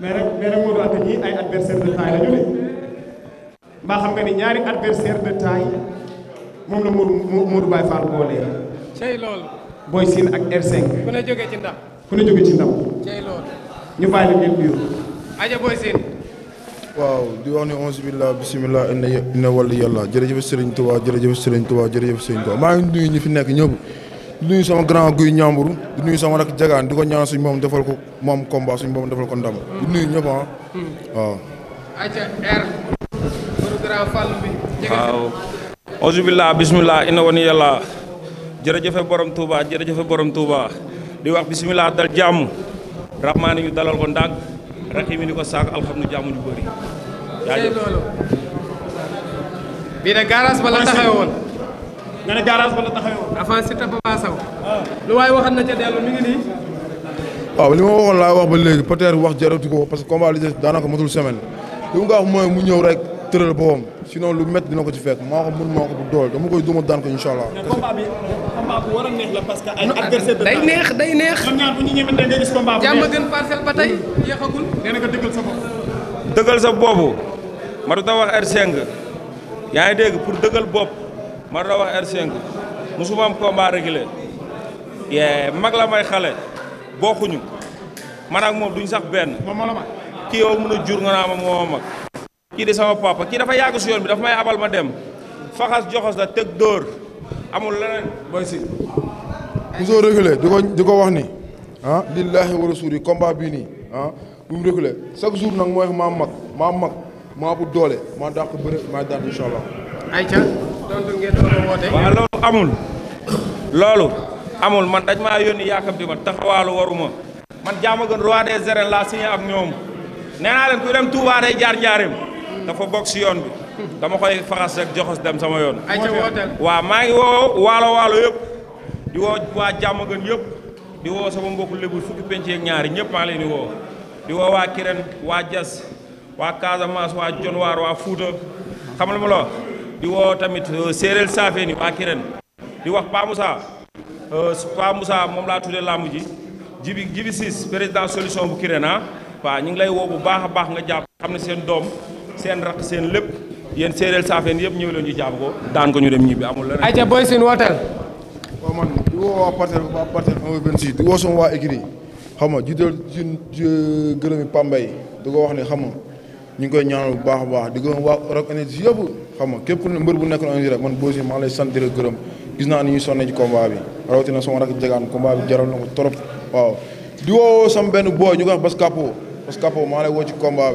mais rek mais rek Modou Anta ñii ay adversaire de taille la ñu ne mbaa xam nga ni ñaari adversaire de taille moom la Modou Modou Baye Fall boole. cey lool Boy ak r ku ne jógee ci ku ne jógee ci ñu bàyyi la ngeen aja Boy waaw di wax ne onze billah bisimilah inna inna wàllu yàlla jërëjëf Serigne Touba jërëjëf Serigne Touba maa ngi nuyu ñi fi nekk ñëpp. di nuyu sama grand guy ñambur di nuyu sama rak jagaan di ko ñaan suñ moom defal ko moom combat suñ moom defal ko ndam. di nuyu ñëpp ah. waaw. ayca R. grand Fall bi. waaw. auzubillah bismillah inna wani yàlla jërëjëfe borom Touba jërëjëfe borom Touba di wax bismillah dal jàmm rahmaani ñu dalal ko ndànk rahimi ni ko saak alhamdulilah jàmm ñu bëri. jaajëf bii de garage ba la nga ne garage ba la taxawoo. lu waaye waxat na ca dellu mi ngi nii. waaw li ma waxoon laa wax ba léegi peut-être wax jaratu ko parce que combat li des daanaka matul semaine li mu ko wax mooy mu ñëw rek tëral boppam sinon lu métti dina ko ci fekk maa ko mën maa ko bu doole dama koy duma daan ko incha allah. mais a neex la gën parcelle ba tey yéexagul. nee na dëggal sa bopp. dëggal sa boobu wax R5 yaa ngi dégg pour dëggal bopp man na wax R5 musuma am combat réglé yee mag la may xale bokkuñu man ak moom duñ sax benn. moom moo la mag kii yow mun a jur nga naa ma moo mag. kii di sama papa kii dafa yàgg si yoon bi dafa may abal ma dem faxas joxos la dóor amul leneen. booy si. musoo réglé di di ko wax ni ah lillahi wa rasuli combat bii nii ah bu chaque jour nag mooy ma mag maa mag maa bu doole maa dàq bëre maa daan incha waaw loolu amul loolu amul man dañ maa yónni yaakamti ma taxawaalu waruma man jaama gën roi des arènes laa signé ak ñoom nee leen ku dem Touba day jaar njaareem dafa bokk si yoon bi dama koy faxas rek joxos dem sama yoon waaw maa ngi woo waalo waalo yëpp di woo waa jàmm gën yëpp di woo sama mbokku lébul fukki penc ñaari ñëpp maa leen di woo di woo waa Kirène waa Diass waa Casamance waa Dionewar waa Fouta xam la ma la di woo tamit euh, séeréel saafeen yi waa Kirène di wax Pa Moussa euh, Pa Moussa moom laa tuddee làmb ji jibi jibi siis président solution bu Kirène ah waaw ñu ngi lay woo bu baax a baax nga jàpp xam ne seen doom seen rakk seen lépp yenn séeréel saafeen yëpp ñëw leen ñu jàpp ko daan ko ñu dem ñibbi amul la ayca boy sin wooteel. waaw man di woo waa partenaire waa partenaire un vingt six di woo sama waa écrit xam nga jiital ci gërëmi Pambay di ko wax ne xam nga ñu ngi koy ñaanal bu baax a baax di ko waa Rock Énergie yëpp xam nga képp ku mbër bu nekk na rek man boosi maa ngi lay sant di la gërëm gis naa ni ñuy sonné ci combat bi rawatina sama rak jegaan combat bi jaral na ko trop waaw di woo sama benn booy ñu ko wax Bas Capo Bas Capo maa lay woo ci combat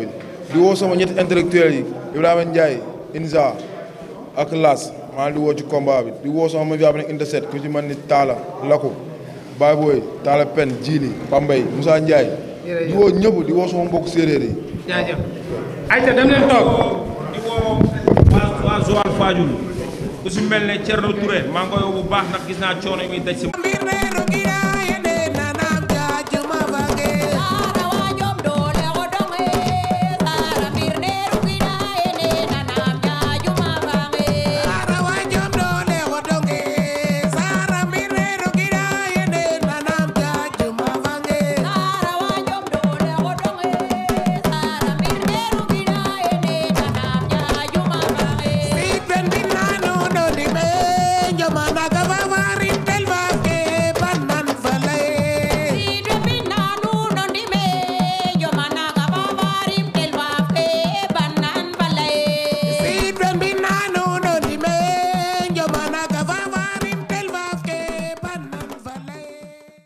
bi sama ñetti intellectuel yi Ibrahima Ndiaye Inza ak Las maa di woo ci combat bi di woo sama mafia bi Indeset ku ci mel ni Talla Lako Baboy Talla Pen Djili Pambay Moussa Ndiaye di woo ñëpp di woo sama mbokk yi jaajëf ayta dem leen toog di woo waa ku si mel ne Thierno Touré maa ngi koy bu baax ndax gis naa coono yi muy daj si